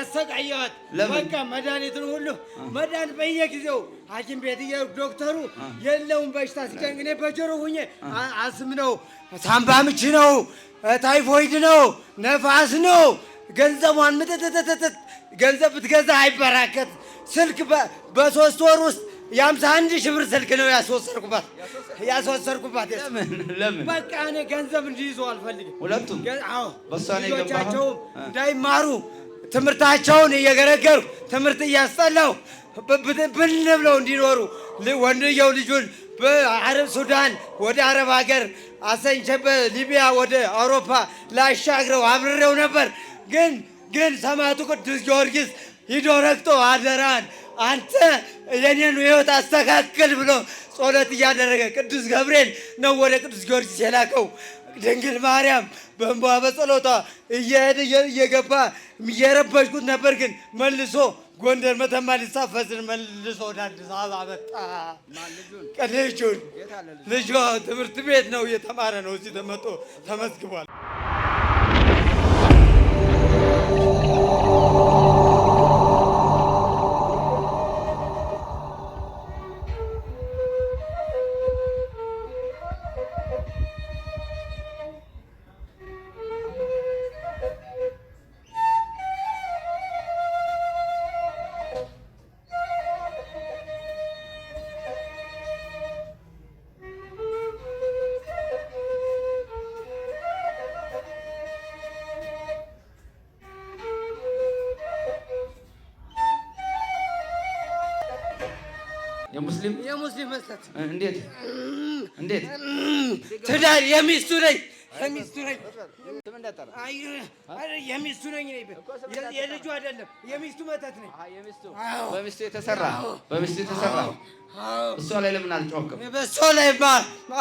ያሰቃየዋት። በቃ መድኃኒቱን ሁሉ መድኃኒት በየጊዜው ሐኪም ቤት ዶክተሩ የለውም በሽታ ሲጨንቅ እኔ በጆሮ ሁኜ አስም ነው፣ ሳምባ ምች ነው፣ ታይፎይድ ነው፣ ነፋስ ነው። ገንዘቧን ምጥጥጥጥጥ ገንዘብ ብትገዛ አይበራከት ስልክ በሶስት ወር ውስጥ የአምሳ አንድ ሺህ ብር ስልክ ነው ያስወሰድኩባት ያስወሰድኩባት። ለምን በቃ እኔ ገንዘብ እንዲይዙ አልፈልግም። ሁለቱም ልጆቻቸውም እንዳይማሩ ትምህርታቸውን እየገረገርኩ ትምህርት እያስጠላው ብን ብለው እንዲኖሩ ወንድየው ልጁን በአረብ ሱዳን ወደ አረብ ሀገር አሰንቸ በሊቢያ ወደ አውሮፓ ላሻግረው አብሬው ነበር። ግን ግን ሰማዕቱ ቅዱስ ጊዮርጊስ ሂዶ ረግጦ አደራን አንተ የኔን ሕይወት አስተካክል ብሎ ጸሎት እያደረገ ቅዱስ ገብርኤል ነው ወደ ቅዱስ ጊዮርጊስ የላከው። ድንግል ማርያም በእንባ በጸሎቷ እየሄደ እየገባ የረበሽኩት ነበር፣ ግን መልሶ ጎንደር መተማ ሊሳፈስን መልሶ ወደ አዲስ አበባ መጣ። ልጁን ልጅ ትምህርት ቤት ነው እየተማረ ነው። እዚህ ተመጦ ተመዝግቧል። ሙስሊም የሙስሊም መስጠት እንዴት እንዴት ትዳር የሚስቱ ነኝ የሚስቱ ነኝ የሚስቱ ነኝ የልጁ አይደለም የሚስቱ መተት ነኝ። በሚስቱ የተሰራ በሚስቱ የተሰራ እሷ ላይ ለምን አልጮህም? በእሷ ላይ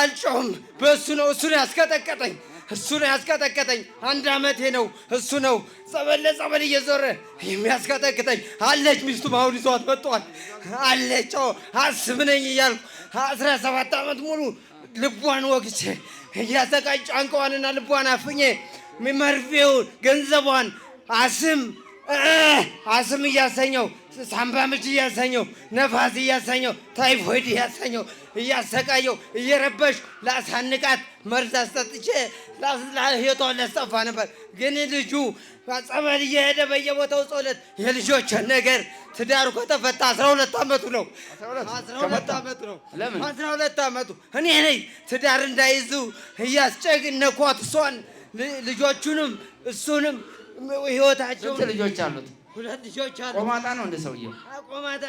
አልጮህም። በእሱ ነው እሱ ነው ያስቀጠቀጠኝ እሱ ነው ያስቀጠቀጠኝ። አንድ አመቴ ነው። እሱ ነው ጸበል ለጸበል እየዞረ የሚያስቀጠቅጠኝ። አለች ሚስቱም አሁን ይዟት መጥቷል። አለች አስብነኝ ነኝ እያልኩ አስራ ሰባት አመት ሙሉ ልቧን ወግቼ እያሰቃጭ አንቀዋንና ልቧን አፍኜ መርፌውን ገንዘቧን አስም አስም እያሰኘው ሳምባ ምች እያሰኘው ነፋስ እያሰኘው ታይፎይድ እያሰኘው እያሰቃየው እየረበሽ ላሳንቃት መርዝ አስጠጥቼ ህይወቷን ለስጠፋ ነበር። ግን ልጁ ጸበል እየሄደ በየቦታው ጸሎት፣ የልጆች ነገር ትዳሩ ከተፈታ አስራ ሁለት ዓመቱ ነው። አስራ ሁለት ዓመቱ እኔ ነኝ ትዳር እንዳይዙ እያስጨነኳት እሷን ልጆቹንም እሱንም ህይወታቸው ልጆች አሉት። ሁለት ልጆች አሉት። ቆማጣ ነው እንደ ሰውየው ቆማጣ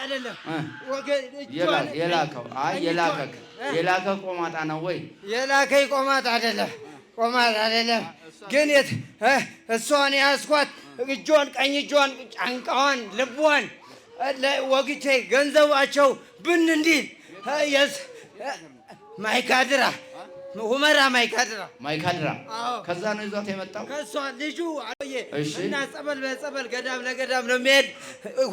የላከው የላከክ የላከ ቆማጣ ነው ወይ የላከ ቆማጣ አይደለም። ቆማጣ አይደለም ግን የት እሷን ያስኳት እጇን፣ ቀኝ እጇን፣ ጫንቃዋን፣ ልቧን ወግቼ ገንዘባቸው ብን እንዲል ማይካድራ ሁመራ ማይካድራ ማይካድራ ከዛ ነው ይዟት የመጣው። ልጁ እና ጸበል በጸበል ገዳም ለገዳም ነው የሚሄድ።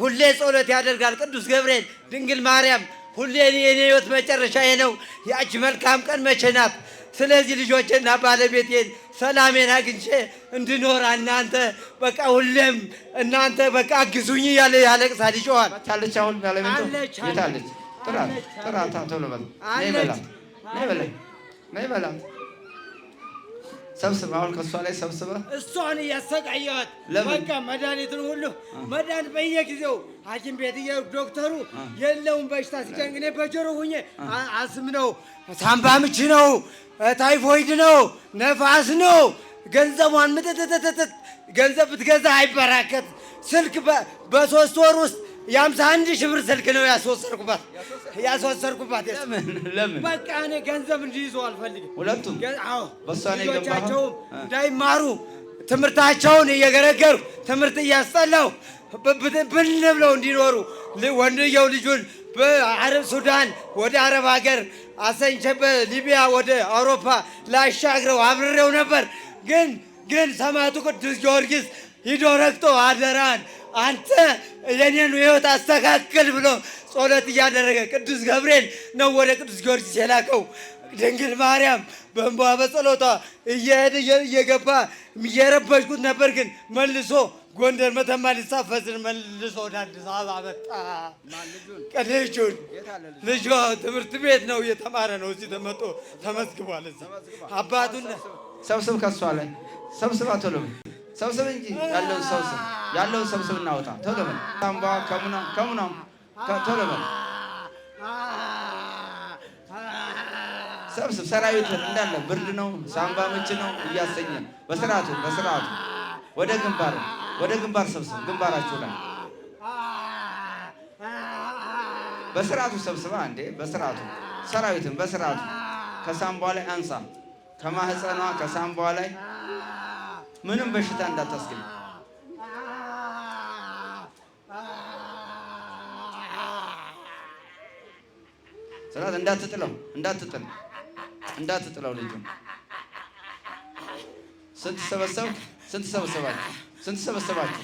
ሁሌ ጸሎት ያደርጋል። ቅዱስ ገብርኤል፣ ድንግል ማርያም ሁሌ የኔ ህይወት መጨረሻ ነው፣ ያቺ መልካም ቀን መቼ ናት? ስለዚህ ልጆችና ባለቤቴን ሰላሜን አግኝቼ እንድኖር እናንተ በቃ ሁሌም እናንተ በቃ አግዙኝ እያለ ያለቅሳል፣ አለች አሁን ጥራት ጥራት አይበላም። ሰብስበ አሁን ከእሷ ላይ ሰብስበ እሷን እያሰቃየዋት በቃ መድኃኒትን ሁሉ መድኃኒት በየጊዜው ሐኪም ቤት ዶክተሩ የለውም በሽታ ሲጨንቅ እኔ በጆሮ ሁኜ አስም ነው፣ ሳምባ ምች ነው፣ ታይፎይድ ነው፣ ነፋስ ነው። ገንዘቧን ምጥጥጥጥጥ ገንዘብ ብትገዛ አይበራከት ስልክ በሶስት ወር ውስጥ የአምሳ አንድ ሺህ ብር ስልክ ነው ያስወሰርኩባት ያስወሰርኩባት። ለምን በቃ እኔ ገንዘብ እንዲይዙ አልፈልግም። ሁለቱም ልጆቻቸው እንዳይማሩ ትምህርታቸውን እየገረገሩ ትምህርት እያስጠላው ብን ብለው እንዲኖሩ ወንድየው ልጁን በአረብ ሱዳን ወደ አረብ ሀገር አሰንቼ በሊቢያ ወደ አውሮፓ ላሻግረው አብሬው ነበር። ግን ግን ሰማዕቱ ቅዱስ ጊዮርጊስ ሂዶ ረግጦ አደራን አንተ ለእኔ ህይወት አስተካክል ብሎ ጸሎት እያደረገ ቅዱስ ገብርኤል ነው ወደ ቅዱስ ጊዮርጊስ የላከው። ድንግል ማርያም በእንባ በጸሎቷ እየሄደ እየገባ እየረበሽኩት ነበር፣ ግን መልሶ ጎንደር መተማ ሊሳፈስን መልሶ ወደ አዲስ አበባ መጣ። ልጁን ልጇ ትምህርት ቤት ነው እየተማረ ነው። እዚህ ተመጦ ተመዝግቧል። እዚህ አባቱን ሰብስብ፣ ከሷለ ሰብስብ አቶሎም ሰብስብ እንጂ ያለውን ሰብስብ ያለውን ሰብስብ እናወጣ። ቶሎ በል ታምባ ከሙና ከሙና ቶሎ በል ሰብስብ። ሰራዊት እንዳለ ብርድ ነው፣ ሳምባ ምች ነው እያሰኘ በስርዓቱ በስርዓቱ ወደ ግንባር ወደ ግንባር ሰብስብ። ግንባራችሁ ላይ በስርዓቱ ሰብስባ እንዴ በስርዓቱ ሰራዊትን በስርዓቱ ከሳምባ ላይ አንሳ ከማህፀኗ ከሳምባ ላይ ምንም በሽታ እንዳታስገኝ። ስራት እንዳትጥለው እንዳትጥል እንዳትጥለው ልጅ ስንት ሰበሰብ ስንት ሰበሰባችሁ ስንት ሰበሰባችሁ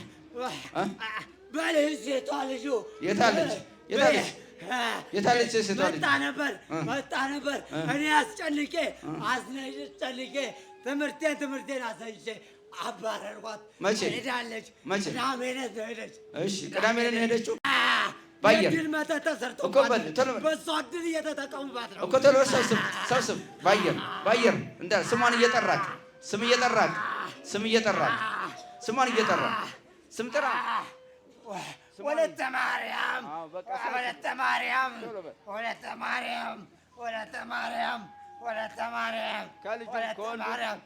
ሴቷ ልጁ የታለች የታለች የታለች ሴቷ መጣ ነበር መጣ ነበር እኔ አስጨንቄ አስጨንቄ ትምህርቴን ትምህርቴን አሳይቼ አባረርኳት። መቼ ሄዳለች? መቼ ቅዳሜ ዕለት ነው ሄደች። እሺ ቅዳሜ ዕለት ነው ሄደችው። ባየር ድል ተሰርቶባት በእሷ ድል እየተጠቀሙባት ነው እኮ። ቶሎ ሰብስብ ሰብስብ። ባየር ባየር እንደ ስሟን ስም ስም ስሟን ስም ጥራ ወለተ ማርያም ወለተ ማርያም ወለተ ማርያም ወለተ ማርያም ወለተ ማርያም ወለተ ማርያም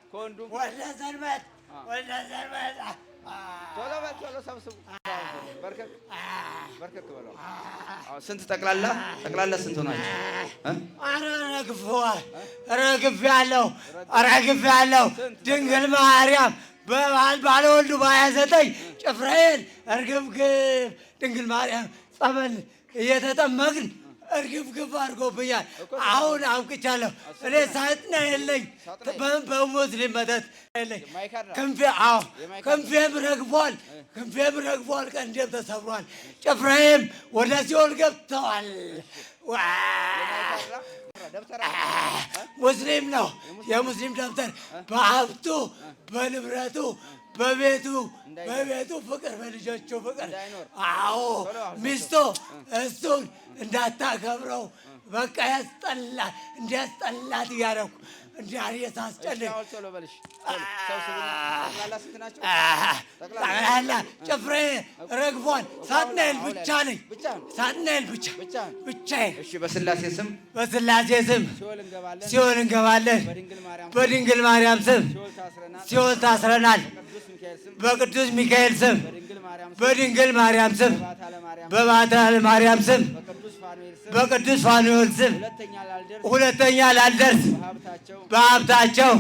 ወለተ ቶሎ በል ቶሎ ሰብስቡ። በርከክ በርከክ በለው። ስንት ጠቅላላ ጠቅላላ ስንት ሆናችሁ? ኧረ ረግፍ ረግፍ ያለው ድንግል ማርያም በባል ባለወልዱ በሀያ ዘጠኝ ጭፍራዬን እርግብግብ ድንግል ማርያም ጸበል እየተጠመቅን እርግፍግፍ አድርጎብኛል። አሁን አብቅቻለሁ። እኔ ሳጥና የለኝ፣ በሞት መጠጥ የለኝ። ክንፌ አዎ ክንፌም ረግፏል፣ ክንፌም ረግፏል፣ ቀንዴም ተሰብሯል፣ ጭፍራዬም ወደ ሲኦል ገብተዋል። ሙስሊም ነው። የሙስሊም ደብተር በሀብቱ በንብረቱ በቤቱ በቤቱ ፍቅር በልጆቹ ፍቅር። አዎ ሚስቱ እሱን እንዳታከብረው በቃ ያስጠላት እንዲያስጠላት እያደረኩ እንዳስጨልላላ ጭፍሬ ረግፏል። ሳጥናኤል ብቻ ነኝ። ሳጥናኤል ብቻ ብቻዬን። በስላሴ ስም ሲኦል እንገባለን። በድንግል ማርያም ስም ሲኦል ታስረናል። በቅዱስ ሚካኤል ስም በድንግል ማርያም ስም በባታል ማርያም ስም በቅዱስ ፋኑኤል ስም ሁለተኛ ላልደርስ በሀብታቸው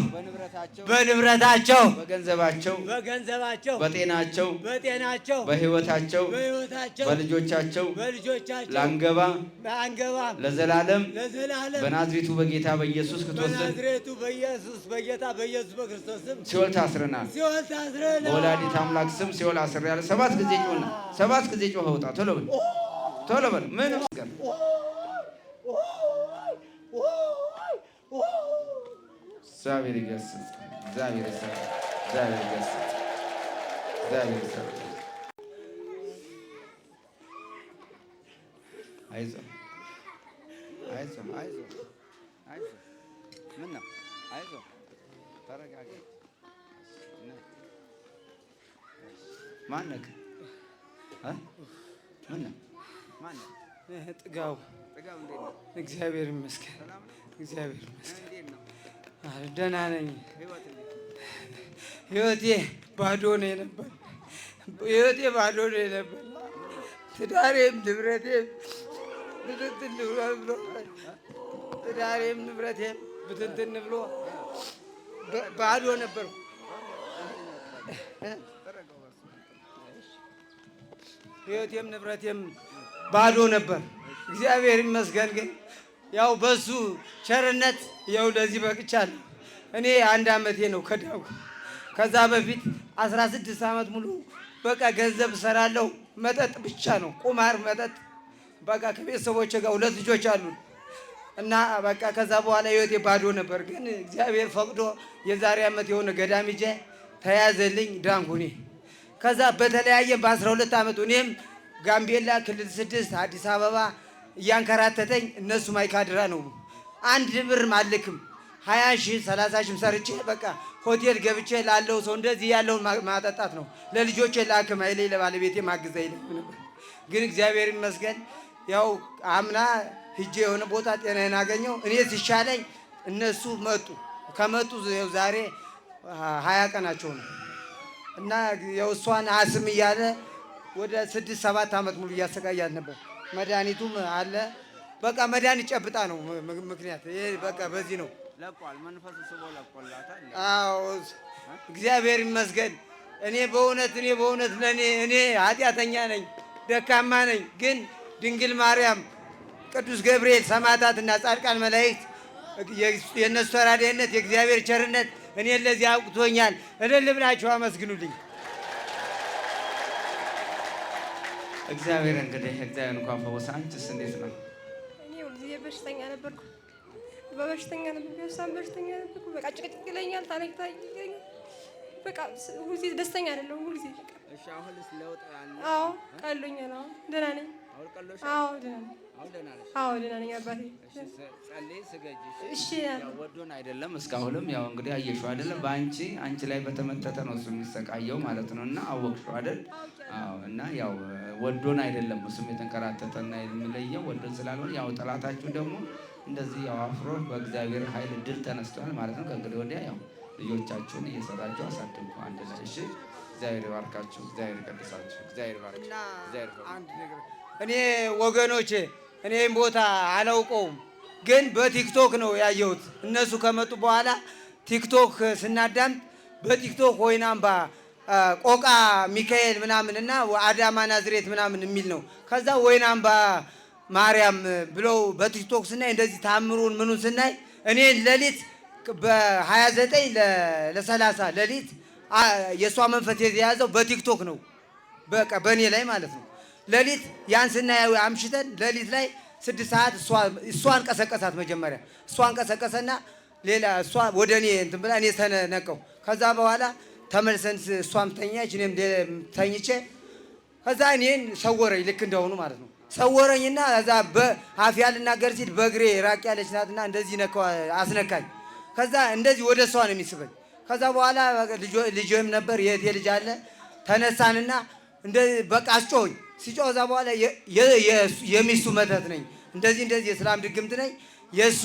በንብረታቸው በገንዘባቸው በገንዘባቸው በጤናቸው በጤናቸው በህይወታቸው በህይወታቸው በልጆቻቸው በልጆቻቸው ላንገባ ላንገባ ለዘላለም ለዘላለም በናዝሬቱ በጌታ በኢየሱስ ክርስቶስ በናዝሬቱ በኢየሱስ በጌታ በኢየሱስ በክርስቶስ ስም ሲኦል ታስረናል። ሲኦል ታስረናል። በወላዲተ ስም ሲኦል አስረናል። ሰባት ጊዜ ጮና ሰባት ጊዜ ጮህ ውጣ። ቶሎ በል ቶሎ በል ምን ስቀር እግዚአብሔር ይገስጽ። እግዚአብሔር ይገስጽ። እግዚአብሔር ይገስጽ። እግዚአብሔር ይገስጽ። አይዞህ አይዞህ አይዞህ አይዞህ ምን ነው አይዞህ ተረጋጋ። ማነክ ጥጋቡ እግዚአብሔር ይመስገን። እግዚአብሔር ይመስገን። ደህና ነኝ። ህይወቴ ባዶ ነው የነበር። ህይወቴ ባዶ ነው የነበር። ትዳሬም ንብረቴም ብትንትን ብሎ ትዳሬም ንብረቴም ብትንትን ብሎ ባዶ ነበርኩ። ህይወቴም ንብረቴም ባዶ ነበር። እግዚአብሔር ይመስገን ግን ያው በሱ ቸርነት ያው ለዚህ በቅቻል። እኔ አንድ አመቴ ነው ከዳው። ከዛ በፊት 16 አመት ሙሉ በቃ ገንዘብ እሰራለሁ። መጠጥ ብቻ ነው ቁማር፣ መጠጥ በቃ ከቤተሰቦች ጋር ሁለት ልጆች አሉ እና በቃ ከዛ በኋላ ህይወቴ ባዶ ነበር። ግን እግዚአብሔር ፈቅዶ የዛሬ አመት የሆነ ገዳም ሂጄ ተያዘልኝ ዳንኩኔ ከዛ በተለያየ በአስራ ሁለት ዓመት እኔም ጋምቤላ ክልል ስድስት አዲስ አበባ እያንከራተተኝ እነሱ ማይካድራ ነው። አንድ ብርም አልክም ሀያ ሺ ሰላሳ ሺህም ሰርቼ በቃ ሆቴል ገብቼ ላለው ሰው እንደዚህ ያለውን ማጠጣት ነው። ለልጆቼ ለአክም አይሌ ለባለቤቴ ማግዝ አይለ ግን እግዚአብሔር ይመስገን ያው አምና ሂጄ የሆነ ቦታ ጤናዬን አገኘው። እኔ ሲሻለኝ እነሱ መጡ። ከመጡ ዛሬ ሀያ ቀናቸው ነው። እና የውሷን አስም እያለ ወደ ስድስት ሰባት ዓመት ሙሉ እያሰቃያት ነበር። መድኃኒቱም አለ። በቃ መድኃኒት ጨብጣ ነው ምክንያት። ይሄ በቃ በዚህ ነው። አዎ እግዚአብሔር ይመስገን። እኔ በእውነት እኔ በእውነት ለእኔ እኔ ኃጢአተኛ ነኝ፣ ደካማ ነኝ። ግን ድንግል ማርያም፣ ቅዱስ ገብርኤል፣ ሰማዕታት እና ጻድቃን መላእክት የእነሱ ተራዳይነት የእግዚአብሔር ቸርነት እኔ ለዚህ አውቅቶኛል። እልል ብላችሁ አመስግኑልኝ። እግዚአብሔር እንግዲህ እግዚአብሔር እንኳን ፈወሰ። አንቺስ እንዴት ነው? እኔ ሁልጊዜ በሽተኛ ነበርኩ፣ በበሽተኛ ነበርኩ፣ በሳም በሽተኛ ነበርኩ። በቃ ጭቅጭቅ ይለኛል፣ ታነክታ ይለኛል። በቃ ሁልጊዜ ደስተኛ አይደለሁም። ሁልጊዜ እሺ። አሁንስ ለውጥ አለ? አዎ፣ ቀሎኛል። አሁን ደህና ነኝ። ወዶን አይደለም እስካሁንም ያው እንግዲህ አየሽው አይደለም፣ በአንቺ አንቺ ላይ በተመተተ ነው እሱ የሚሰቃየው ማለት ነው። እና አወቅሽው አይደል? እና ያው ወዶን አይደለም እሱም የተንከራተተና የሚለየው ወዶን ስላልሆነ ያው ጠላታችሁ ደግሞ እንደዚህ ያው አፍሮ በእግዚአብሔር ኃይል ድል ተነስቷል ማለት ነው። ከእንግዲህ ወዲያ ያው ልጆቻችሁን እየሰራችሁ አሳድጉ አንድ ላይ እሺ። እግዚአብሔር ይባርካችሁ። እግዚአብሔር ይቀድሳችሁ። እግዚአብሔር እግዚአብሔር እኔ ወገኖች እኔም ቦታ አላውቀውም፣ ግን በቲክቶክ ነው ያየሁት። እነሱ ከመጡ በኋላ ቲክቶክ ስናዳምጥ በቲክቶክ ወይናምባ ቆቃ ሚካኤል ምናምን እና አዳማ ናዝሬት ምናምን የሚል ነው። ከዛ ወይናምባ ማርያም ብለው በቲክቶክ ስናይ እንደዚህ ታምሩን ምኑን ስናይ እኔ ሌሊት በ29 ለ30 ሌሊት የእሷ መንፈስ የተያዘው በቲክቶክ ነው። በቃ በእኔ ላይ ማለት ነው። ሌሊት ያንስና ያው አምሽተን ሌሊት ላይ ስድስት ሰዓት እሷን ቀሰቀሳት። መጀመሪያ እሷን ቀሰቀሰና ሌላ እሷ ወደ እኔ እንትን ብላ እኔ ተነቀው። ከዛ በኋላ ተመልሰን እሷም ተኛች፣ እኔም ተኝቼ ከዛ እኔን ሰወረኝ፣ ልክ እንደሆኑ ማለት ነው። ሰወረኝና ከዛ በአፍ ያልናገር ሲል በእግሬ ራቅ ያለች ናትና እንደዚህ አስነካኝ። ከዛ እንደዚህ ወደ እሷ ነው የሚስበኝ። ከዛ በኋላ ልጅም ነበር የእህቴ ልጅ አለ ተነሳንና በቃ አስጮኸኝ ሲጮዛ በኋላ የሚስቱ መተት ነኝ እንደዚህ እንደዚህ የስላም ድግምት ነኝ የእሱ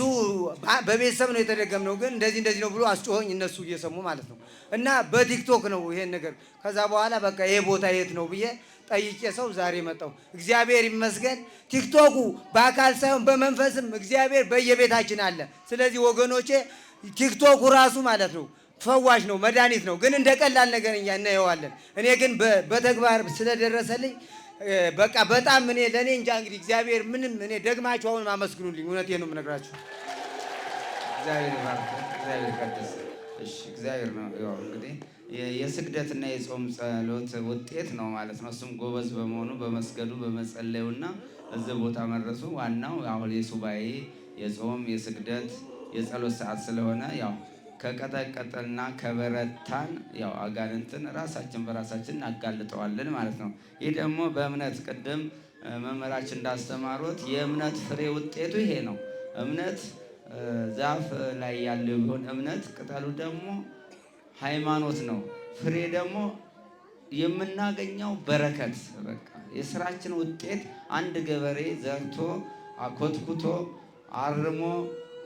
በቤተሰብ ነው የተደገም ነው ግን እንደዚህ እንደዚህ ነው ብሎ አስጮኸኝ። እነሱ እየሰሙ ማለት ነው። እና በቲክቶክ ነው ይሄን ነገር። ከዛ በኋላ በቃ ይሄ ቦታ የት ነው ብዬ ጠይቄ ሰው ዛሬ መጣው እግዚአብሔር ይመስገን። ቲክቶኩ በአካል ሳይሆን በመንፈስም እግዚአብሔር በየቤታችን አለ። ስለዚህ ወገኖቼ ቲክቶኩ ራሱ ማለት ነው ፈዋሽ ነው፣ መድኃኒት ነው። ግን እንደ ቀላል ነገር እኛ እናየዋለን። እኔ ግን በተግባር ስለደረሰልኝ በቃ በጣም እኔ ለእኔ እንጃ እንግዲህ እግዚአብሔር ምንም እኔ ደግማችሁ አሁን አመስግኑልኝ። እውነት ነው የምነግራችሁ። እግዚአብሔር እግዚአብሔር እሺ እግዚአብሔር ነው ያው እንግዲህ የስግደትና የጾም ጸሎት ውጤት ነው ማለት ነው። እሱም ጎበዝ በመሆኑ በመስገዱ በመጸለዩና እዚህ ቦታ መድረሱ ዋናው አሁን የሱባኤ የጾም የስግደት የጸሎት ሰዓት ስለሆነ ያው ከቀጠቀጠና ከበረታን ያው አጋንንትን ራሳችን በራሳችን እናጋልጠዋለን ማለት ነው። ይህ ደግሞ በእምነት ቅድም መምህራችን እንዳስተማሩት የእምነት ፍሬ ውጤቱ ይሄ ነው። እምነት ዛፍ ላይ ያለ ቢሆን እምነት ቅጠሉ ደግሞ ሃይማኖት ነው። ፍሬ ደግሞ የምናገኘው በረከት በቃ የስራችን ውጤት አንድ ገበሬ ዘርቶ አኮትኩቶ አርሞ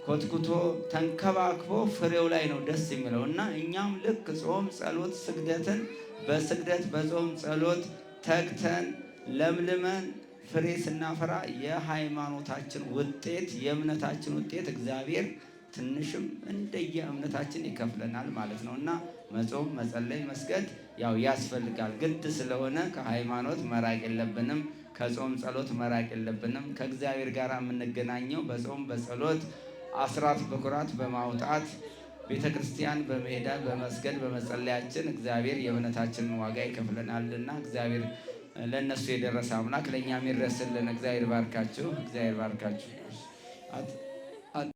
ኮትኩቶ ተንከባክቦ ፍሬው ላይ ነው ደስ የሚለው እና እኛም ልክ ጾም፣ ጸሎት፣ ስግደትን በስግደት በጾም ጸሎት ተግተን ለምልመን ፍሬ ስናፈራ የሃይማኖታችን ውጤት የእምነታችን ውጤት እግዚአብሔር ትንሽም እንደየ እምነታችን ይከፍለናል ማለት ነው እና መጾም፣ መጸለይ፣ መስገድ ያው ያስፈልጋል ግድ ስለሆነ ከሃይማኖት መራቅ የለብንም። ከጾም ጸሎት መራቅ የለብንም። ከእግዚአብሔር ጋር የምንገናኘው በጾም በጸሎት አስራት በኩራት በማውጣት ቤተ ክርስቲያን በመሄዳ በመስገድ በመጸለያችን እግዚአብሔር የእምነታችንን ዋጋ ይከፍለናልና እግዚአብሔር ለእነሱ የደረሰ አምላክ ለእኛም ይድረስልን። እግዚአብሔር ባርካችሁ፣ እግዚአብሔር ባርካችሁ።